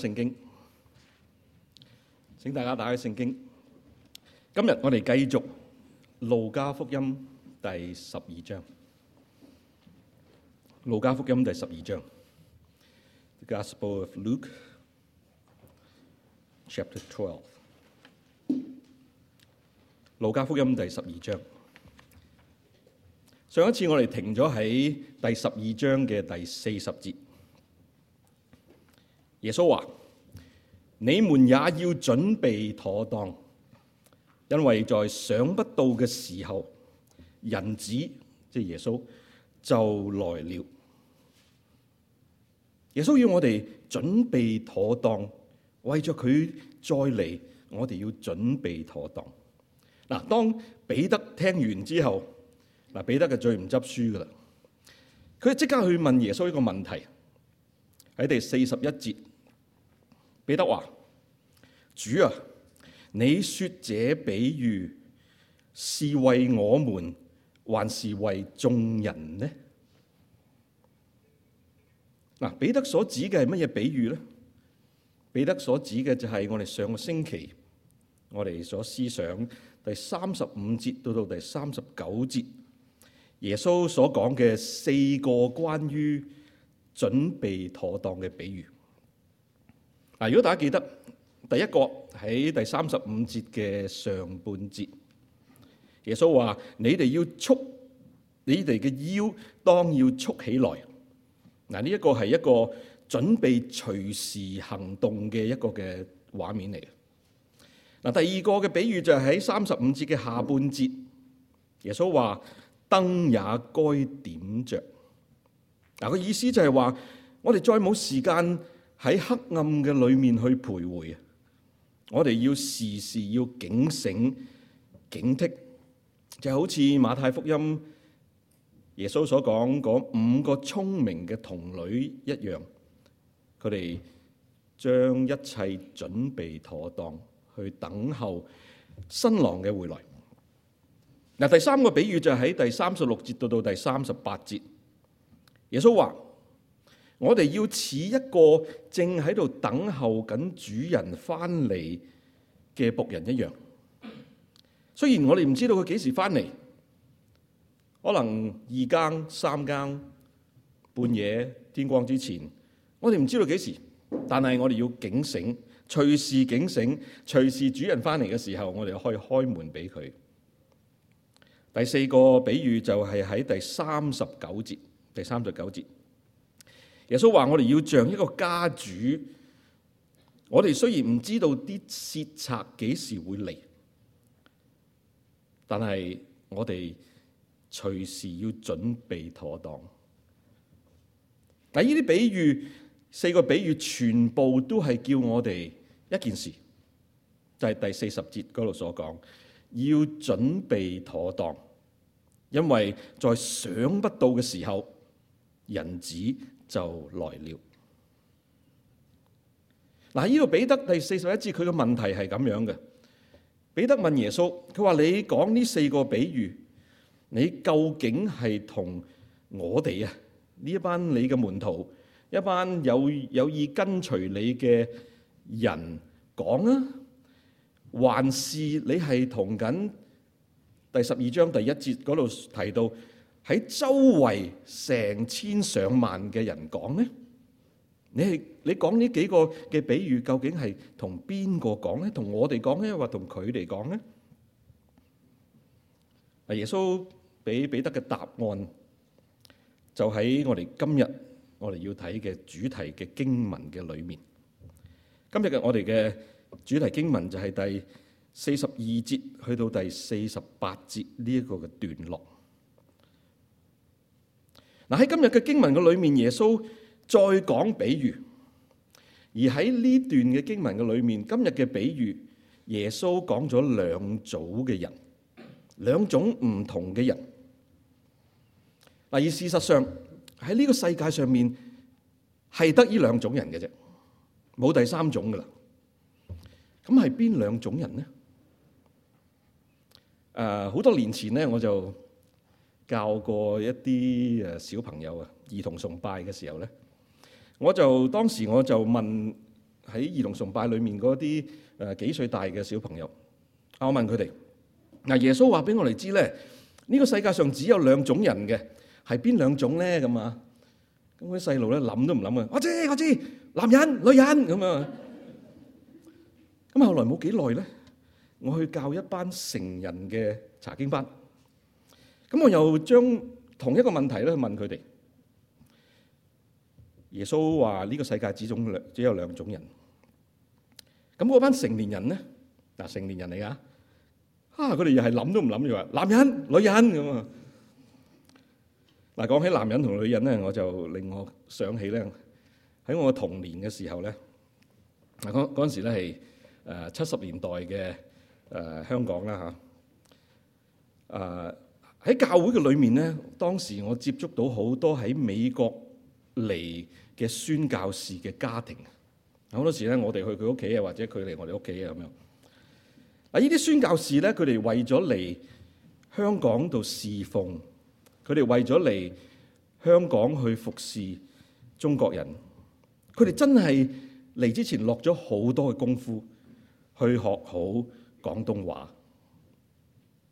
聖經，請大家打開聖經。今日我哋繼續路加福音第十二章。路加福音第十二章，《The Gospel of Luke Chapter 12》，Chapter Twelve。路加福音第十二章。上一次我哋停咗喺第十二章嘅第四十節。耶穌話：你們也要準備妥當，因為在想不到嘅時候，人子即、就是、耶穌就來了。耶穌要我哋準備妥當，為咗佢再嚟，我哋要準備妥當。嗱，當彼得聽完之後，嗱，彼得就最唔執輸㗎喇，佢即刻去問耶穌一個問題，喺第四十一節。彼得話、啊：主啊，你說這比喻是為我們，還是為眾人呢？嗱、啊，彼得所指嘅係乜嘢比喻咧？彼得所指嘅就係我哋上個星期我哋所思想第三十五節到到第三十九節，耶穌所講嘅四個關於準備妥當嘅比喻。嗱，如果大家記得，第一個喺第三十五節嘅上半節，耶穌話：你哋要束，你哋嘅腰當要束起來。嗱，呢一個係一個準備隨時行動嘅一個嘅畫面嚟嘅。嗱，第二個嘅比喻就係喺三十五節嘅下半節，耶穌話：燈也該點着。嗱，個意思就係話，我哋再冇時間。喺黑暗嘅裏面去徘徊，我哋要時時要警醒、警惕，就好似馬太福音耶穌所講嗰五個聰明嘅童女一樣，佢哋將一切準備妥當去等候新郎嘅回來。嗱，第三個比喻就係喺第三十六節到到第三十八節，耶穌話。我哋要似一個正喺度等候緊主人翻嚟嘅僕人一樣，雖然我哋唔知道佢幾時翻嚟，可能二更、三更、半夜、天光之前，我哋唔知道幾時，但係我哋要警醒，隨時警醒，隨時主人翻嚟嘅時候，我哋可以開門俾佢。第四個比喻就係喺第三十九節，第三十九節。耶穌話：我哋要像一個家主，我哋雖然唔知道啲竊賊幾時會嚟，但係我哋隨時要準備妥當。但呢啲，比喻四個比喻全部都係叫我哋一件事，就係、是、第四十節嗰度所講，要準備妥當，因為在想不到嘅時候，人子就來了。嗱，呢個彼得第四十一節，佢嘅問題係咁樣嘅。彼得問耶穌，佢話你講呢四個比喻，你究竟係同我哋啊？呢一班你嘅門徒，一班有有意跟隨你嘅人講啊？還是你係同緊第十二章第一節嗰度提到？喺周圍成千上萬嘅人講咧，你係你講呢幾個嘅比喻，究竟係同邊個講咧？同我哋講咧，或同佢哋講咧？阿耶穌俾彼得嘅答案就喺我哋今日我哋要睇嘅主題嘅經文嘅裏面。今日嘅我哋嘅主題經文就係第四十二節去到第四十八節呢一個嘅段落。嗱喺今日嘅經文嘅裏面，耶穌再講比喻，而喺呢段嘅經文嘅裏面，今日嘅比喻，耶穌講咗兩組嘅人，兩種唔同嘅人。嗱而事實上喺呢個世界上面係得呢兩種人嘅啫，冇第三種噶啦。咁係邊兩種人呢？誒，好多年前呢我就。教過一啲誒小朋友啊，兒童崇拜嘅時候咧，我就當時我就問喺兒童崇拜裡面嗰啲誒幾歲大嘅小朋友，我問佢哋，嗱耶穌話俾我哋知咧，呢個世界上只有兩種人嘅，係邊兩種咧？咁啊，咁啲細路咧諗都唔諗啊，我知我知，男人女人咁啊。咁後來冇幾耐咧，我去教一班成人嘅查經班。咁我又將同一個問題咧問佢哋。耶穌話呢個世界只種兩，只有兩種人。咁嗰班成年人咧，嗱成年人嚟噶，啊佢哋又係諗都唔諗，就話男人、女人咁啊。嗱講起男人同女人咧，我就令我想起咧，喺我嘅童年嘅時候咧，嗱嗰嗰陣時咧係誒七十年代嘅誒香港啦吓，啊。喺教會嘅裏面咧，當時我接觸到好多喺美國嚟嘅宣教士嘅家庭，好多時咧我哋去佢屋企啊，或者佢嚟我哋屋企啊咁樣。啊！呢啲宣教士咧，佢哋為咗嚟香港度侍奉，佢哋為咗嚟香港去服侍中國人，佢哋真係嚟之前落咗好多嘅功夫去學好廣東話。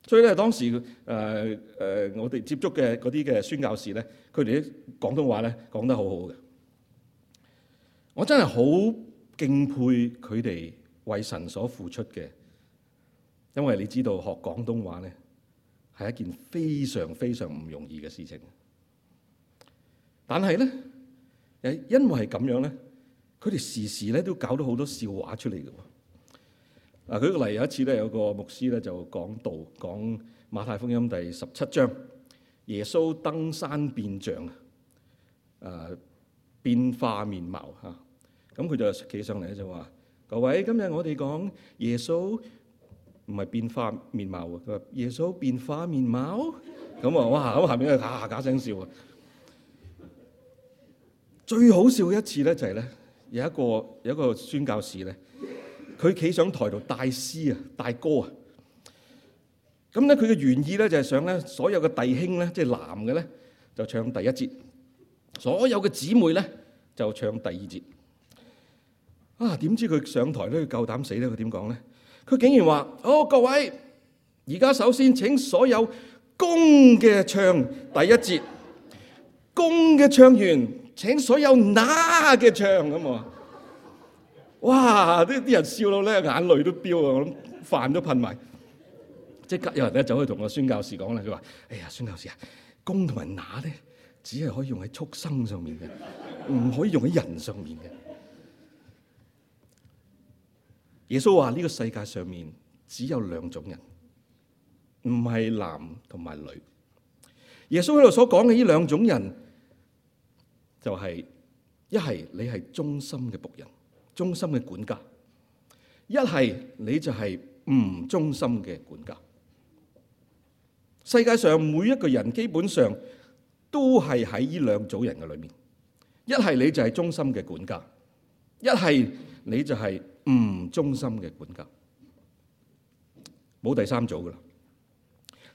所以咧，當時誒誒、呃呃，我哋接觸嘅嗰啲嘅宣教士咧，佢哋啲廣東話咧講得好好嘅。我真係好敬佩佢哋為神所付出嘅，因為你知道學廣東話咧係一件非常非常唔容易嘅事情。但係咧誒，因為係咁樣咧，佢哋時時咧都搞到好多笑話出嚟嘅。啊！舉個例，有一次咧，有個牧師咧就講道，講馬太福音第十七章，耶穌登山變像啊，誒變化面貌嚇。咁佢就企上嚟咧就話：「各位今日我哋講耶穌唔係變化面貌啊！耶穌變化面貌，咁啊哇！咁下面就啊假聲笑啊。最好笑嘅一次咧就係、是、咧，有一個有一個宣教士咧。佢企上台度帶詩啊、帶歌啊，咁咧佢嘅原意咧就係想咧所有嘅弟兄咧，即係男嘅咧就唱第一節，所有嘅姊妹咧就唱第二節。啊！點知佢上台都要夠膽死咧？佢點講咧？佢竟然話：，哦，各位，而家首先請所有公嘅唱第一節，公嘅唱完，請所有乸嘅唱咁啊！哇！啲啲人笑到咧，眼淚都飆啊！我諗飯都噴埋，即刻有人咧走去同個宣教士講啦。佢話：，哎呀，宣教士啊，公同埋乸咧，只係可以用喺畜生上面嘅，唔可以用喺人上面嘅。耶穌話：呢個世界上面只有兩種人，唔係男同埋女。耶穌喺度所講嘅呢兩種人，就是，就係一係你係忠心嘅僕人。忠心嘅管家，一係你就係唔忠心嘅管家。世界上每一個人基本上都係喺呢兩組人嘅裏面，一係你就係忠心嘅管家，一係你就係唔忠心嘅管家。冇第三組㗎喇，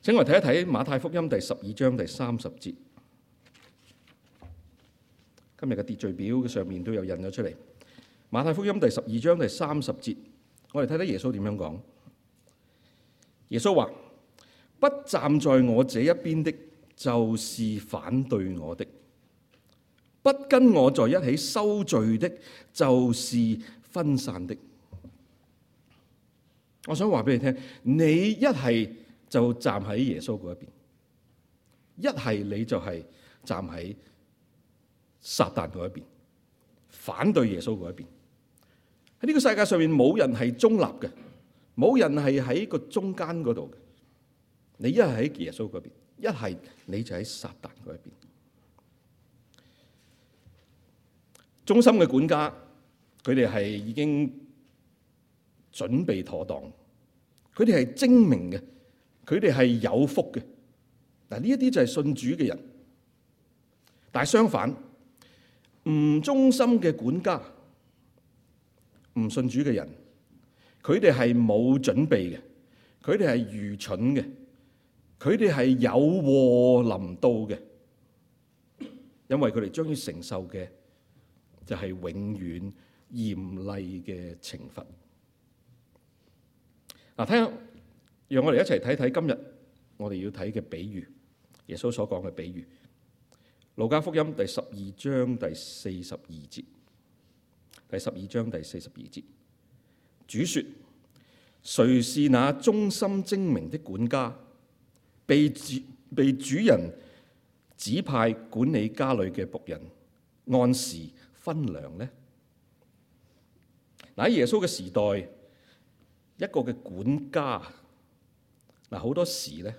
請我睇一睇馬太福音第十二章第三十節，今日嘅秩序表嘅上面都有印咗出嚟。馬太福音第十二章第三十節，我哋睇睇耶穌點樣講。耶穌話：不站在我這一邊的，就是反對我的；不跟我在一起收聚的，就是分散的。我想話俾你聽，你一係就站喺耶穌嗰一邊，一係你就係站喺撒旦嗰一邊，反對耶穌嗰一邊。呢、這個世界上面冇人係中立嘅，冇人係喺個中間嗰度嘅。你一係喺耶穌嗰邊，一係你就喺撒旦嗰邊。忠心嘅管家，佢哋係已經準備妥當，佢哋係精明嘅，佢哋係有福嘅。嗱，呢一啲就係信主嘅人。但係相反，唔忠心嘅管家。唔信主嘅人，佢哋係冇準備嘅，佢哋係愚蠢嘅，佢哋係有禍臨到嘅，因為佢哋將要承受嘅就係、是、永遠嚴厲嘅懲罰。嗱，睇下，讓我哋一齊睇睇今日我哋要睇嘅比喻，耶穌所講嘅比喻，《路加福音》第十二章第四十二節。第十二章第四十二節，主說：誰是那忠心精明的管家，被主被主人指派管理家裏嘅僕人，按時分糧呢？嗱喺耶穌嘅時代，一個嘅管家，嗱好多時咧，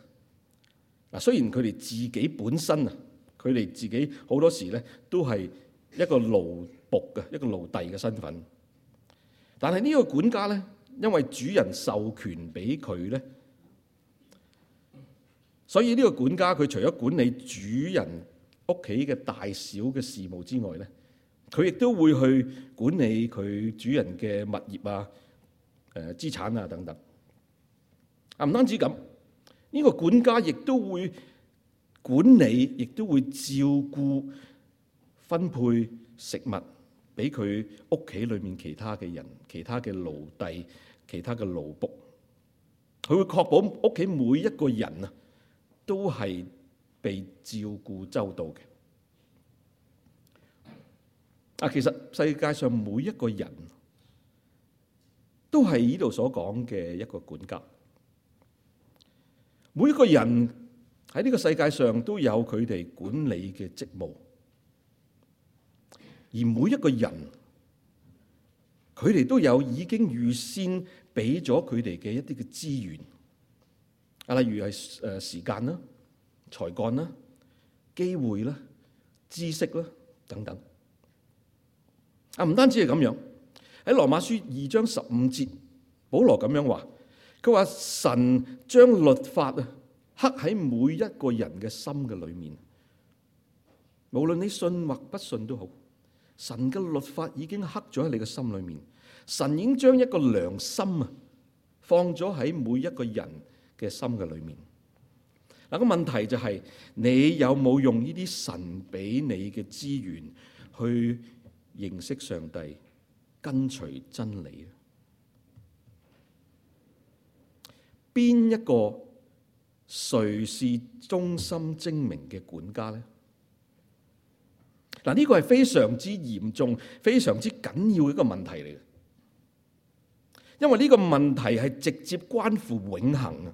嗱雖然佢哋自己本身啊，佢哋自己好多時咧都係一個奴，」嘅一個奴隸嘅身份，但係呢個管家咧，因為主人授權俾佢咧，所以呢個管家佢除咗管理主人屋企嘅大小嘅事務之外咧，佢亦都會去管理佢主人嘅物業啊、誒、呃、資產啊等等。啊，唔單止咁，呢、這個管家亦都會管理，亦都會照顧、分配食物。俾佢屋企裏面其他嘅人、其他嘅奴隸、其他嘅奴僕，佢會確保屋企每一個人啊，都係被照顧周到嘅。啊，其實世界上每一個人都係呢度所講嘅一個管家，每一個人喺呢個世界上都有佢哋管理嘅職務。而每一個人，佢哋都有已經預先俾咗佢哋嘅一啲嘅資源，例如係誒時間啦、才幹啦、機會啦、知識啦等等。啊，唔單止係咁樣，喺羅馬書二章十五節，保羅咁樣話：佢話神將律法啊刻喺每一個人嘅心嘅裏面，無論你信或不信都好。神嘅律法已經刻咗喺你嘅心裏面，神已經將一個良心啊放咗喺每一個人嘅心嘅裏面。嗱、那，個問題就係、是、你有冇用呢啲神俾你嘅資源去認識上帝、跟隨真理咧？邊一個誰是忠心精明嘅管家咧？嗱，呢個係非常之嚴重、非常之緊要嘅一個問題嚟嘅，因為呢個問題係直接關乎永恆啊！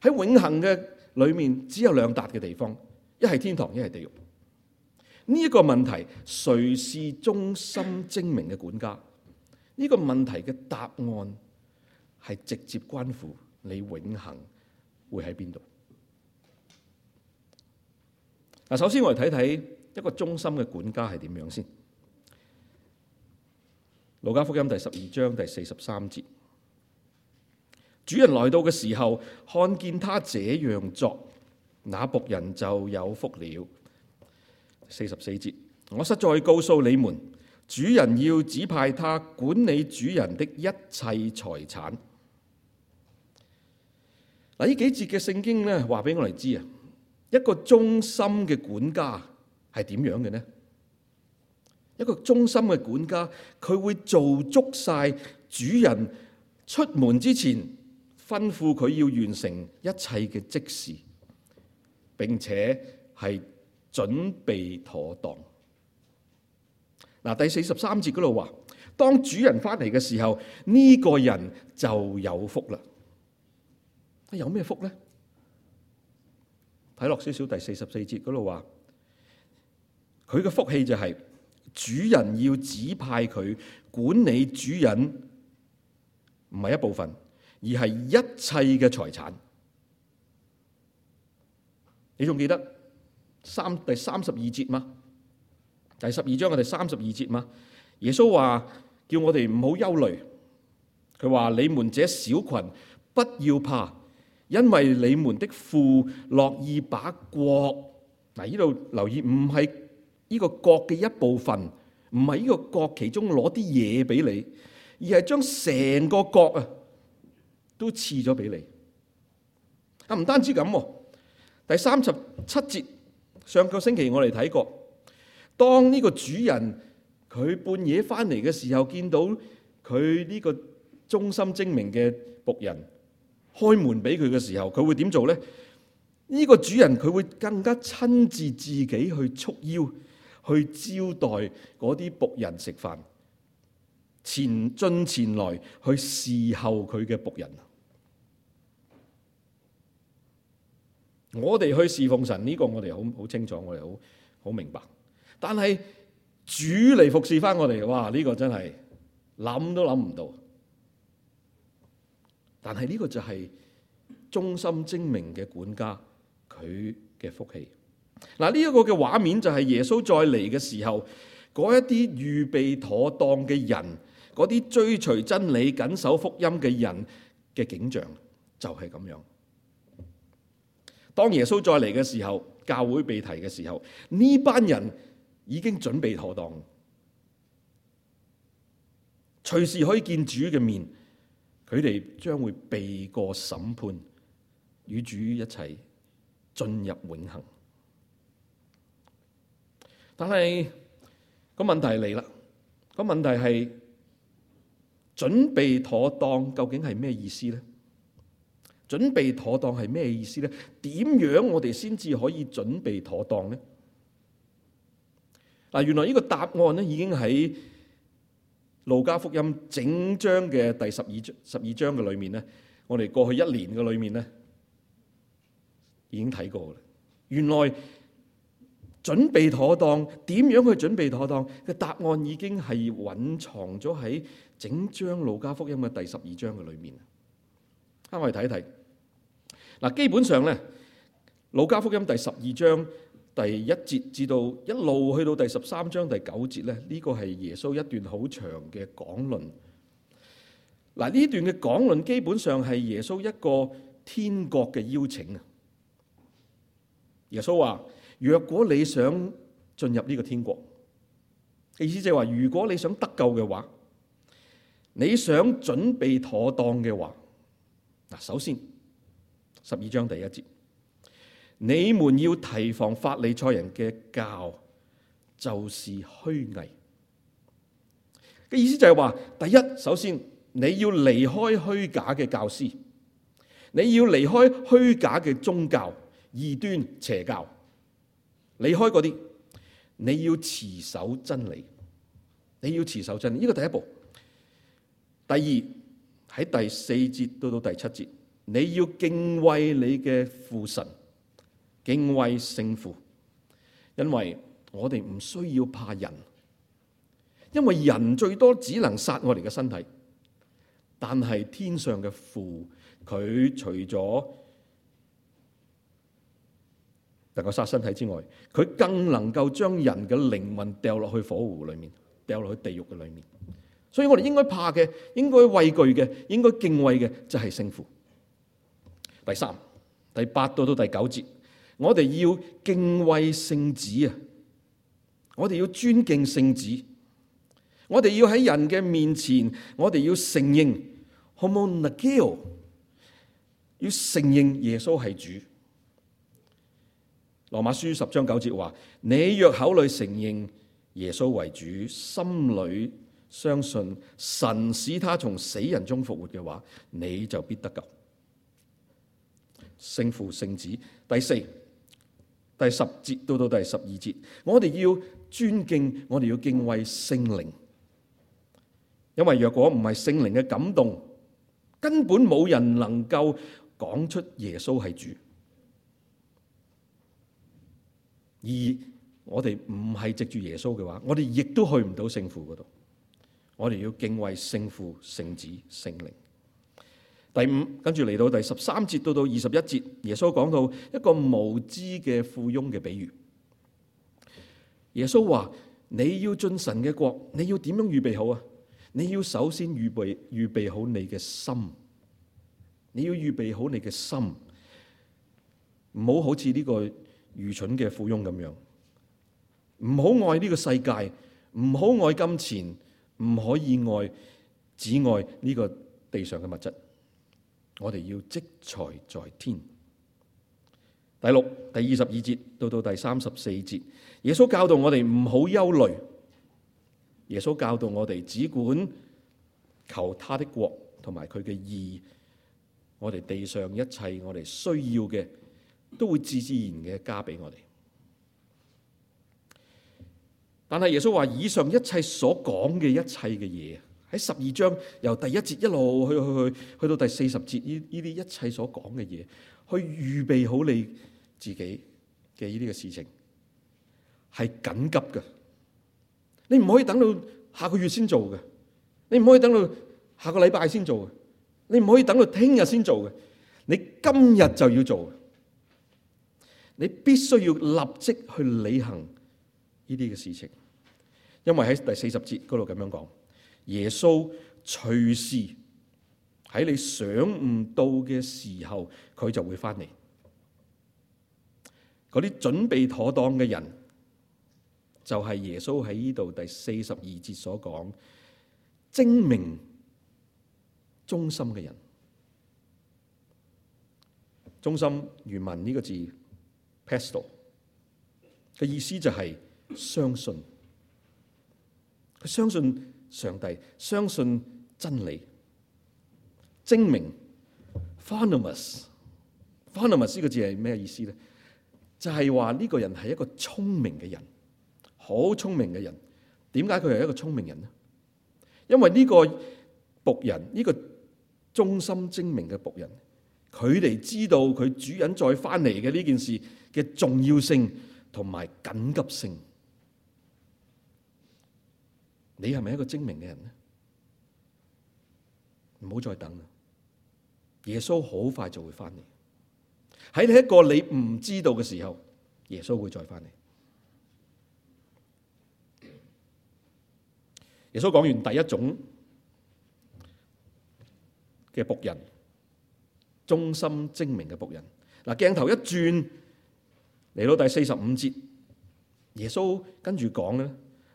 喺永恆嘅裏面，只有兩笪嘅地方，一係天堂，一係地獄。呢、這、一個問題，誰是忠心精明嘅管家？呢、這個問題嘅答案係直接關乎你永恆會喺邊度。嗱，首先我哋睇睇一個忠心嘅管家係點樣先。路加福音第十二章第四十三節，主人來到嘅時候，看見他這樣作，那僕人就有福了。四十四節，我實在告訴你們，主人要指派他管理主人的一切財產。嗱，呢幾節嘅聖經咧，話俾我哋知啊。一個忠心嘅管家係點樣嘅呢？一個忠心嘅管家，佢會做足晒主人出門之前吩咐佢要完成一切嘅即事，並且係準備妥當。嗱，第四十三節嗰度話，當主人翻嚟嘅時候，呢個人就有福啦。有咩福呢？睇落少少，第四十四節嗰度話，佢嘅福氣就係、是、主人要指派佢管理主人，唔係一部分，而係一切嘅財產。你仲記得三第三十二節嘛？第十二章嘅第三十二節嘛？耶穌話叫我哋唔好憂慮，佢話你們這小群不要怕。因為你們的父樂意把國，嗱呢度留意，唔係呢個國嘅一部分，唔係呢個國其中攞啲嘢俾你，而係將成個國啊都賜咗俾你。啊，唔單止咁啊，第三十七節，上個星期我哋睇過，當呢個主人佢半夜翻嚟嘅時候，見到佢呢個忠心精明嘅僕人，開門俾佢嘅時候，佢會點做呢？呢個主人佢會更加親自自己去束腰，去招待嗰啲僕人食飯，前進前來去侍候佢嘅僕人。我哋去侍奉神呢個，我哋好好清楚，我哋好好明白。但係主嚟服侍翻我哋，哇！呢個真係諗都諗唔到。但係呢個就係忠心精明嘅管家佢嘅福氣。嗱，呢一個嘅畫面就係耶穌再嚟嘅時候，嗰一啲預備妥當嘅人，嗰啲追隨真理、緊守福音嘅人嘅景象就係咁樣。當耶穌再嚟嘅時候，教會被提嘅時候，呢班人已經準備妥當，隨時可以見主嘅面。佢哋將會避過審判，與主一齊進入永恆。但係個問題嚟啦，個問題係準備妥當究竟係咩意思咧？準備妥當係咩意思咧？點樣我哋先至可以準備妥當咧？嗱，原來呢個答案咧已經喺。路加福音整章嘅第十二章，十二章嘅裏面咧,我哋過去一年嘅裏面咧，已經睇過㗎喇。原來準備妥當，點樣去準備妥當嘅答案已經係隱藏咗喺整章路加福音嘅第十二章嘅裏面。啱我哋睇一睇。嗱，基本上咧，路加福音第十二章，第一節至到一路去到第十三章第九節咧，呢個係耶穌一段好長嘅講論。嗱，呢段嘅講論基本上係耶穌一個天國嘅邀請啊。耶穌話：若果你想進入呢個天國，意思就係話，如果你想得救嘅話，你想準備妥當嘅話，嗱，首先十二章第一節。你們要提防法利賽人嘅教，就是虛偽嘅意思就係話：第一，首先你要離開虛假嘅教師，你要離開虛假嘅宗教、異端邪教，離開嗰啲，你要持守真理，你要持守真理。呢、這個第一步。第二，喺第四節到到第七節，你要敬畏你嘅父神。敬畏聖父，因為我哋唔需要怕人，因為人最多只能殺我哋嘅身體，但係天上嘅父，佢除咗能夠殺身體之外，佢更能夠將人嘅靈魂掉落去火湖裏面，掉落去地獄嘅裏面。所以我哋應該怕嘅，應該畏懼嘅，應該敬畏嘅，就係、是、聖父。第三、第八到到第九節。我哋要敬畏聖子啊！我哋要尊敬聖子，我哋要喺人嘅面前，我哋要承認，要承認耶穌係主。羅馬書十章九節話：你若口裏承認耶穌為主，心裏相信神使他從死人中復活嘅話，你就必得救。聖父聖子第四。第十節到到第十二節，我哋要尊敬，我哋要敬畏聖靈，因為若果唔係聖靈嘅感動，根本冇人能夠講出耶穌係主。而我哋唔係藉住耶穌嘅話，我哋亦都去唔到聖父嗰度。我哋要敬畏聖父、聖子、聖靈。第五，跟住嚟到第十三節到到二十一節，耶穌講到一個無知嘅富翁嘅比喻。耶穌話：你要進神嘅國，你要點樣預備好啊？你要首先預備預備好你嘅心，你要預備好你嘅心，唔好好似呢個愚蠢嘅富翁咁樣，唔好愛呢個世界，唔好愛金錢，唔可以愛只愛呢個地上嘅物質。我哋要積財在天第。第六，第二十二節到到第三十四節，耶穌教導我哋唔好憂慮。耶穌教導我哋只管求他的國同埋佢嘅義。我哋地上一切我哋需要嘅，都會自自然嘅加俾我哋。但係耶穌話：以上一切所講嘅一切嘅嘢，喺十二章由第一節一路去去去去到第四十節，呢呢啲一切所講嘅嘢，去預備好你自己嘅呢啲嘅事情係緊急噶。你唔可以等到下個月先做嘅，你唔可以等到下個禮拜先做嘅，你唔可以等到聽日先做嘅，你今日就要做嘅。你必須要立即去履行呢啲嘅事情，因為喺第四十節嗰度咁樣講。耶穌隨時喺你想唔到嘅時候，佢就會翻嚟。嗰啲準備妥當嘅人，就係耶穌喺呢度第四十二節所講精明忠心嘅人。忠心，原文呢個字 pistos 嘅意思就係相信，佢相信。上帝相信真理，精明。Phenomus，phenomus 呢個字係咩意思咧？就係話呢個人係一個聰明嘅人，好聰明嘅人。點解佢係一個聰明人咧？因為呢個僕人，呢個忠心精明嘅僕人，佢哋知道佢主人再翻嚟嘅呢件事嘅重要性同埋緊急性。你係咪一個精明嘅人呢？唔好再等啦，耶穌好快就會翻嚟。喺一個你唔知道嘅時候，耶穌會再翻嚟。耶穌講完第一種嘅僕人，忠心精明嘅僕人。嗱，鏡頭一轉嚟到第四十五節，耶穌跟住講咧。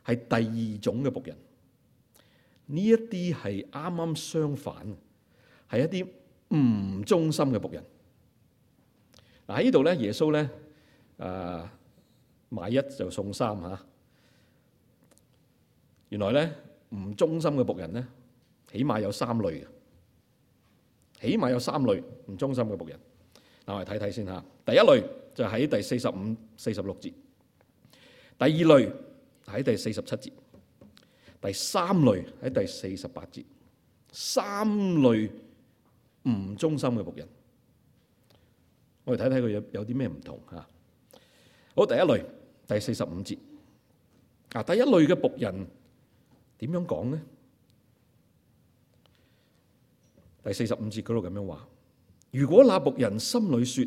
係第二種嘅僕人，呢一啲係啱啱相反，係一啲唔忠心嘅僕人。嗱，喺呢度咧，耶穌咧誒，買一就送三嚇、啊。原來咧，唔忠心嘅僕人咧，起碼有三類嘅，起碼有三類唔忠心嘅僕人。嗱，我哋睇睇先嚇。第一類就喺第四十五、四十六節，第二類。喺第四十七節，第三類喺第四十八節，三類唔忠心嘅僕人，我哋睇睇佢有有啲咩唔同啊！好，第一類第四十五節啊，第一類嘅僕人點樣講咧？第四十五節嗰度咁樣話：如果那僕人心裏說，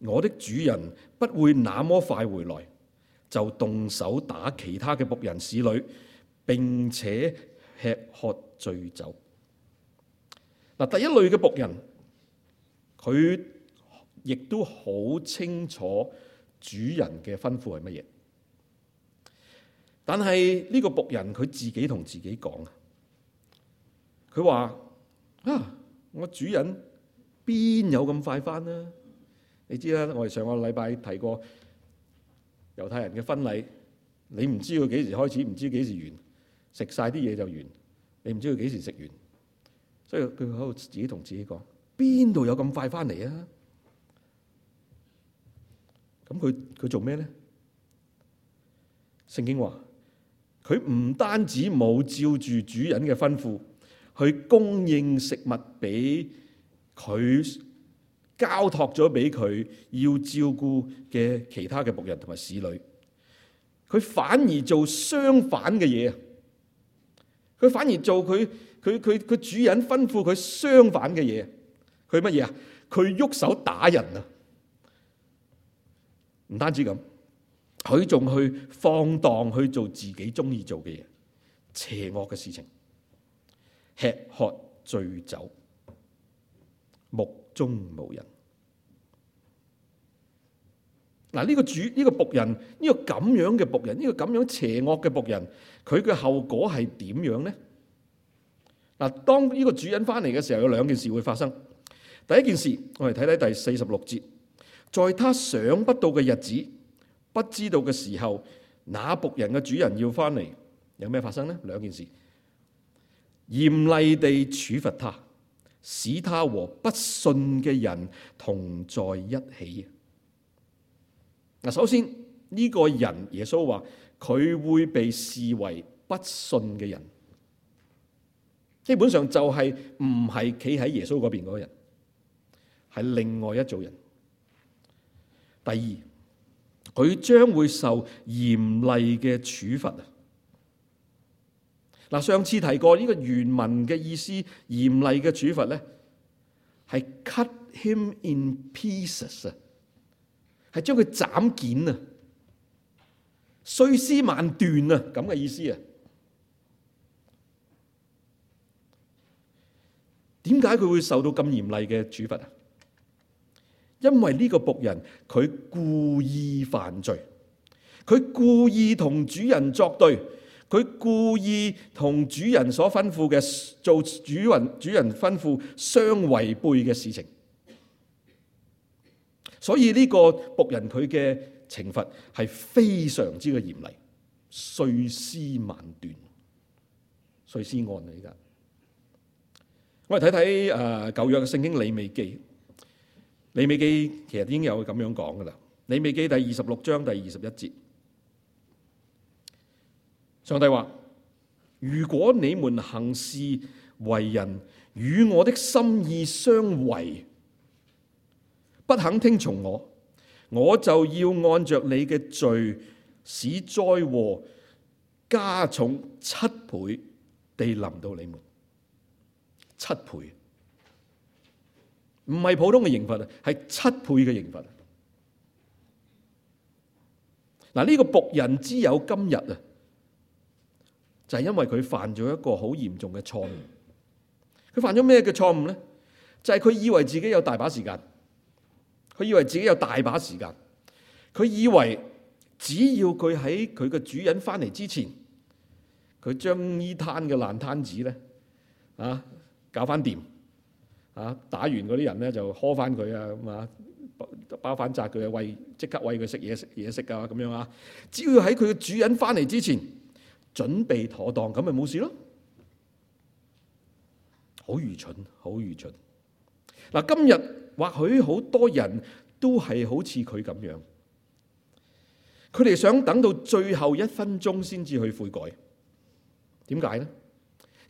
我的主人不會那麼快回來。就動手打其他嘅僕人使女，並且吃喝醉酒。嗱，第一類嘅僕人，佢亦都好清楚主人嘅吩咐係乜嘢，但係呢個僕人佢自己同自己講，佢話啊，我主人邊有咁快返呢？你知啦，我哋上個禮拜提過。猶太人嘅婚禮，你唔知佢幾時開始，唔知幾時完，食晒啲嘢就完，你唔知佢幾時食完，所以佢喺度自己同自己講：邊度有咁快翻嚟啊？咁佢佢做咩咧？聖經話佢唔單止冇照住主人嘅吩咐去供應食物俾佢。交託咗俾佢要照顧嘅其他嘅僕人同埋使女，佢反而做相反嘅嘢。佢反而做佢佢佢佢主人吩咐佢相反嘅嘢，佢乜嘢啊？佢喐手打人啊！唔單止咁，佢仲去放蕩去做自己中意做嘅嘢，邪惡嘅事情，吃喝醉酒，木。中無人嗱，呢個主呢個僕人呢個咁樣嘅僕人，呢個咁樣邪惡嘅僕人，佢嘅後果係點樣呢？嗱，當呢個主人翻嚟嘅時候，有兩件事會發生。第一件事，我哋睇睇第四十六節，在他想不到嘅日子，不知道嘅時候，那僕人嘅主人要翻嚟，有咩發生呢？兩件事，嚴厲地處罰他。使他和不信嘅人同在一起。嗱，首先呢，呢個人耶穌話佢會被視為不信嘅人，基本上就係唔係企喺耶穌嗰邊嗰個人，係另外一組人。第二，佢將會受嚴厲嘅處罰。嗱，上次提過呢個原文嘅意思，嚴厲嘅處罰咧，係 cut him in pieces 啊，係將佢斬件啊，碎屍萬段啊，咁嘅意思啊。點解佢會受到咁嚴厲嘅處罰啊？因為呢個僕人佢故意犯罪，佢故意同主人作對。佢故意同主人所吩咐嘅做主人，主人吩咐相違背嘅事情，所以呢個僕人佢嘅懲罰係非常之嘅嚴厲，碎屍萬段，碎屍案嚟噶。我哋睇睇誒舊約嘅聖經利未記，利未記其實已經有咁樣講噶啦。利未記第二十六章第二十一節。上帝話：如果你們行事為人與我的心意相違，不肯聽從我，我就要按照你嘅罪，使災禍加重七倍地臨到你們。七倍唔係普通嘅刑罰啊，係七倍嘅刑罰啊！嗱，呢個僕人之有今日就係因為佢犯咗一個好嚴重嘅錯誤。佢犯咗咩嘅錯誤咧？就係佢以為自己有大把時間。佢以為自己有大把時間。佢以為只要佢喺佢嘅主人翻嚟之前，佢將呢攤嘅爛攤子咧，啊，搞翻掂，啊，打完嗰啲人咧就呵翻佢啊咁啊，包翻紮佢喂，即刻喂佢食嘢食嘢食噶咁樣啊。只要喺佢嘅主人翻嚟之前。準備妥當咁咪冇事咯，好愚蠢，好愚蠢。嗱，今日或許好多人都係好似佢咁樣，佢哋想等到最後一分鐘先至去悔改，點解呢？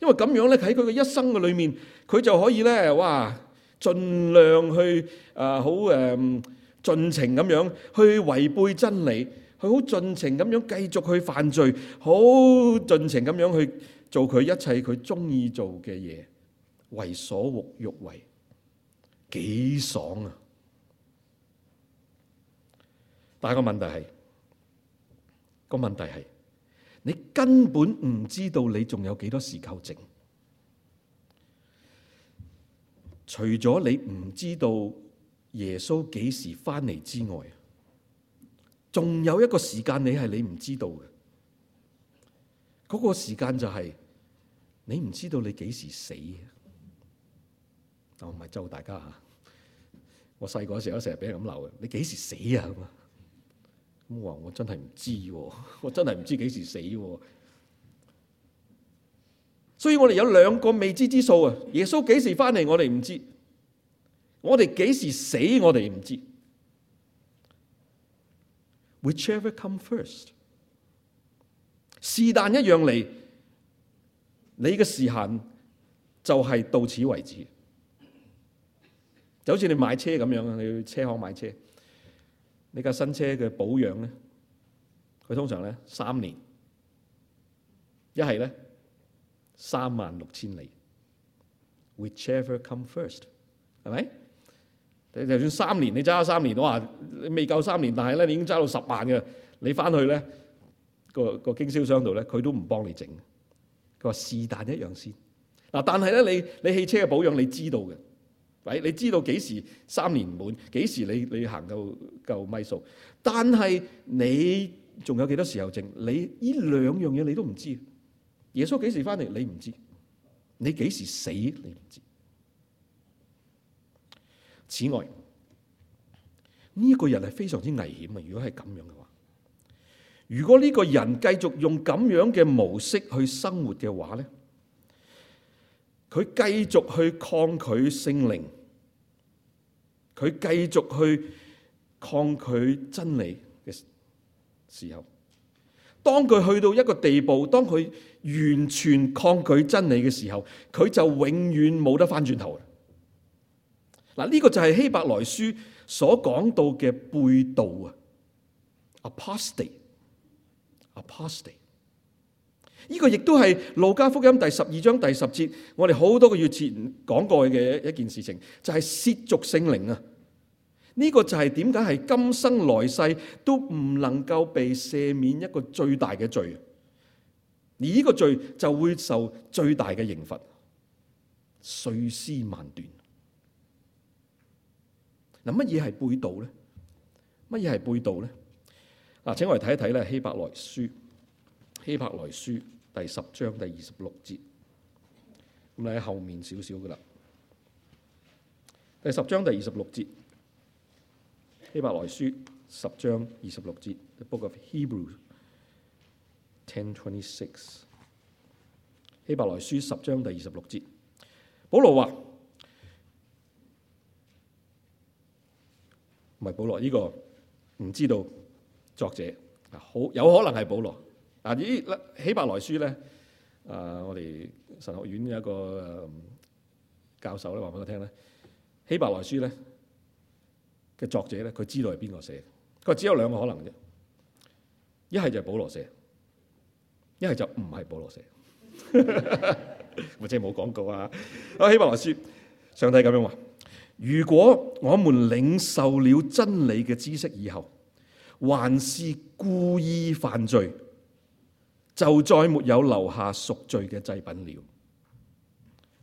因為咁樣咧，喺佢嘅一生嘅裏面，佢就可以咧哇，儘量去啊好誒盡情咁樣去違背真理。佢好盡情咁樣繼續去犯罪，好盡情咁樣去做佢一切佢中意做嘅嘢，為所欲為，幾爽啊！但係個問題係，個問題係，你根本唔知道你仲有幾多時間剩，除咗你唔知道耶穌幾時翻嚟之外。仲有一個時間，那個就是，你係你唔知道嘅，嗰個時間就係你唔知道你幾時死。我唔係咒大家吓，我細個嗰時咧成日俾人咁鬧嘅，你幾時死啊？咁我話我真係唔知，我真係唔知幾時死。所以我哋有兩個未知之數啊！耶穌幾時返嚟我哋唔知，我哋幾時死我哋唔知。Whichever come first，是但一樣嚟，你嘅時限就係到此為止，就好似你買車咁樣啊，你去車行買車，你架新車嘅保養咧，佢通常咧三年，一係咧三萬六千里，Whichever come first，係咪？你就算三年你揸咗三年，哇！你未夠三年，但係咧你已經揸到十萬嘅，你翻去咧、嗰個、嗰個經銷商度咧，佢都唔幫你整。佢話是但一樣先。嗱，但係咧你你汽車嘅保養你知道嘅，喂，你知道幾時三年滿，幾時你你行夠夠米數。但係你仲有幾多時候剩？你呢兩樣嘢你都唔知。耶穌幾時翻嚟你唔知？你幾時死你唔知？此外，呢個人係非常之危險啊！如果係咁樣嘅話，如果呢個人繼續用咁樣嘅模式去生活嘅話咧，佢繼續去抗拒聖靈，佢繼續去抗拒真理嘅時候，當佢去到一個地步，當佢完全抗拒真理嘅時候，佢就永遠冇得翻轉頭。嗱，呢個就係希伯來書所講到嘅背道啊，apostate，apostate，呢個亦都係路加福音第十二章第十節，我哋好多個月前講過嘅一件事情，就係褻瀆聖靈啊！呢、這個就係點解係今生來世都唔能夠被赦免一個最大嘅罪，而呢個罪就會受最大嘅刑罰，碎屍萬段。乜嘢係背道咧？乜嘢係背道咧？嗱，請我哋睇一睇咧，《希伯來書》我少少《希伯來書》第十章第二十六節，咁嚟喺後面少少噶啦。第十章第二十六節，《希伯來書》十章二十六節，《The Book of Hebrews》，Ten Twenty Six，《希伯來書》十章第二十六節。保羅話。唔係保羅呢，這個唔知道作者啊，好有可能係保羅。嗱，呢希伯來書咧，誒，我哋神學院有一個教授咧，話俾我聽咧，希伯來書咧嘅作者咧，佢知道係邊個寫，佢話只有兩個可能啫，一係就係保羅寫，一係就唔係保羅寫。 或者係冇廣告啊！阿 希伯來書，上帝咁樣話。如果我們領受了真理嘅知識以後，還是故意犯罪，就再沒有留下贖罪嘅祭品了，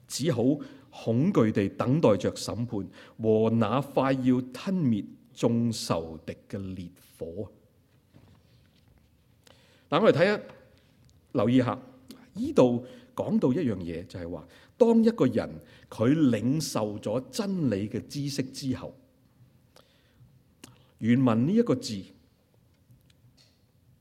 只好恐懼地等待着審判和那快要吞滅眾仇敵嘅烈火。嗱，我哋睇下，留意下，呢度講到一樣嘢，就係話，當一個人。佢領受咗真理嘅知識之後，原文呢一個字，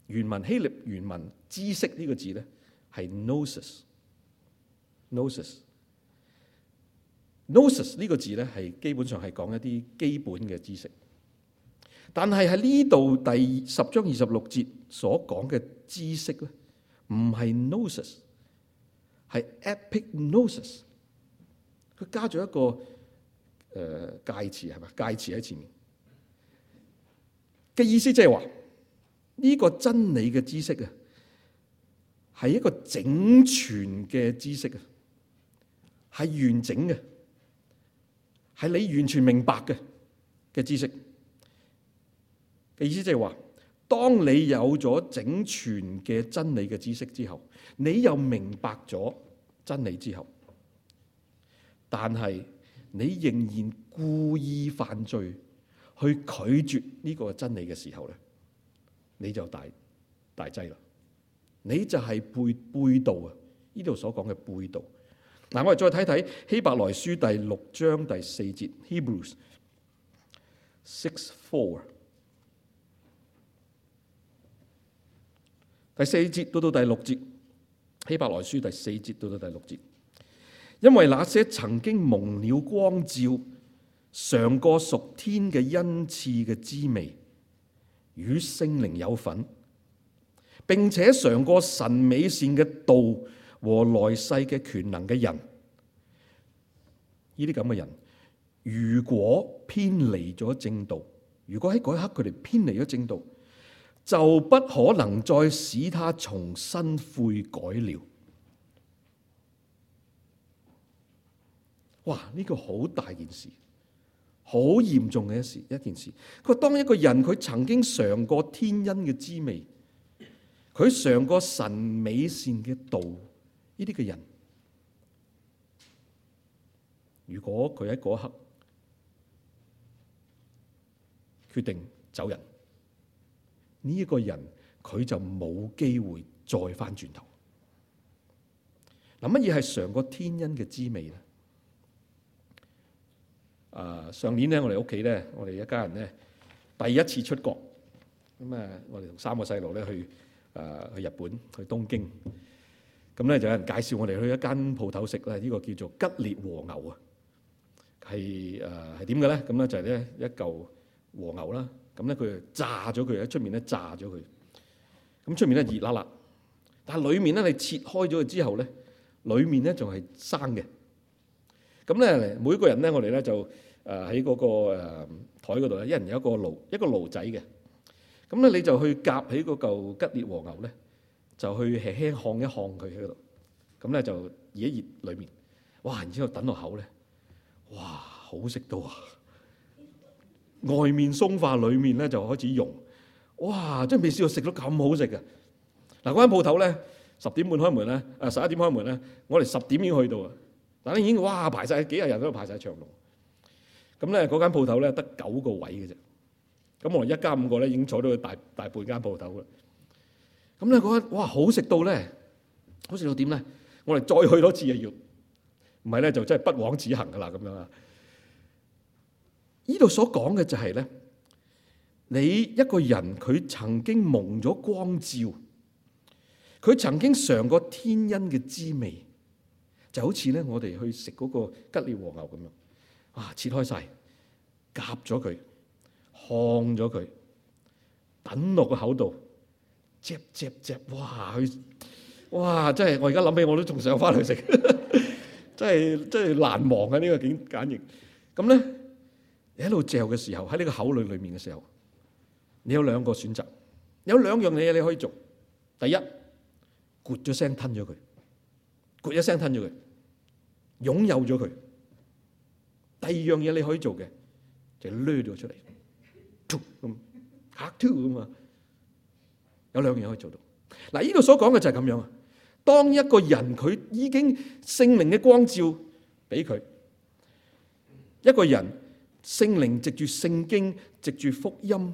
原文希臘原文知識呢個字咧，係 gnosis，gnosis，gnosis 呢個字咧係基本上係講一啲基本嘅知識，但係喺呢度第十章二十六節所講嘅知識咧，唔係 gnosis，係 epignosis。佢加咗一個誒介詞係咪？介詞喺前面嘅意思即係話呢個真理嘅知識啊，係一個整全嘅知識啊，係完整嘅，係你完全明白嘅嘅知識。嘅意思即係話，當你有咗整全嘅真理嘅知識之後，你又明白咗真理之後。但係你仍然故意犯罪去拒絕呢個真理嘅時候咧，你就大大劑啦，你就係背背道啊！呢度所講嘅背道。嗱，我哋再睇睇希伯來書第六章第四節 （Hebrews 6:4）。第四節到到第六節，希伯來書第四節到到第六節。因為那些曾經蒙了光照，嘗過屬天嘅恩賜嘅滋味，與聖靈有份，並且嘗過神美善嘅道和來世嘅權能嘅人，呢啲咁嘅人，如果偏離咗正道，如果喺嗰一刻佢哋偏離咗正道，就不可能再使他重新悔改了。.哇！呢、這個好大件事，好嚴重嘅一事一件事。佢當一個人佢曾經嘗過天恩嘅滋味，佢嘗過神美善嘅道，呢啲嘅人，如果佢喺嗰刻決定走人，呢、這、一個人佢就冇機會再翻轉頭。嗱，乜嘢係嘗過天恩嘅滋味咧？啊！上年咧，我哋屋企咧，我哋一家人咧，第一次出國，咁啊，我哋同三個細路咧去啊、呃、去日本，去東京，咁咧就有人介紹我哋去一間鋪頭食咧，呢、呢個叫做吉列和牛啊，係啊係點嘅咧？咁、呃、咧就係咧一嚿和牛啦，咁咧佢炸咗佢喺出面咧炸咗佢，咁出面咧熱辣辣，但係裡面咧你切開咗佢之後咧，裡面咧仲係生嘅。咁咧，每個人咧，我哋咧就誒喺嗰個誒台嗰度咧，一人有一個爐，一個爐仔嘅。咁咧，你就去夾起嗰嚿吉列和牛咧，就去輕輕烘一烘佢喺嗰度。咁咧就熱一熱裏面，哇！然之後等落口咧，哇！好食到啊！外面鬆化，裏面咧就開始溶，哇！真係未試過食到咁好食啊。嗱，嗰間鋪頭咧十點半開門咧，誒十一點開門咧，我哋十點已經去到啊。嗱，已經哇排晒幾廿人都排晒長龍，咁咧嗰間鋪頭咧得九個位嘅啫，咁我哋一家五個咧已經坐咗佢大大半間鋪頭啦。咁咧嗰間，哇好食到咧，好食到點咧？我哋再去多次啊要，唔係咧就真係不枉此行噶啦咁樣啊！呢度所講嘅就係咧，你一個人佢曾經蒙咗光照，佢曾經嘗過天恩嘅滋味。就好似咧，我哋去食嗰個吉列和牛咁樣，啊切開晒，夾咗佢，烘咗佢，揼落個口度，嚼嚼嚼，哇！佢，哇！真係我而家諗起我都仲想翻去食， 真係真係難忘啊！呢、呢個景簡易。咁咧，你喺度嚼嘅時候，喺呢個口裏裏面嘅時候，你有兩個選擇，有兩樣嘢你可以做。第一，咕咗聲吞咗佢。佢一聲吞咗佢，擁有咗佢。第二樣嘢你可以做嘅，就掠咗出嚟咁 u t cut 咁啊，有兩樣嘢可以做到。嗱，呢度所講嘅就係咁樣啊。當一個人佢已經聖靈嘅光照俾佢，一個人聖靈藉住聖經、藉住福音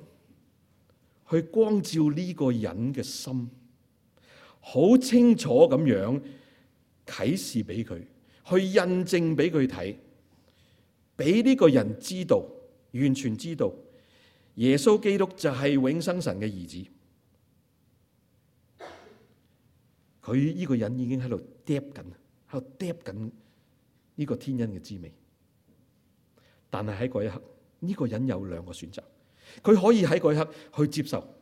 去光照呢個人嘅心，好清楚咁樣。啟示俾佢，去印證俾佢睇，俾呢個人知道，完全知道耶穌基督就係永生神嘅兒子。佢呢個人已經喺度嗒緊，喺度嗒緊呢個天恩嘅滋味。但係喺嗰一刻，呢個人有兩個選擇，佢可以喺嗰一刻去接受，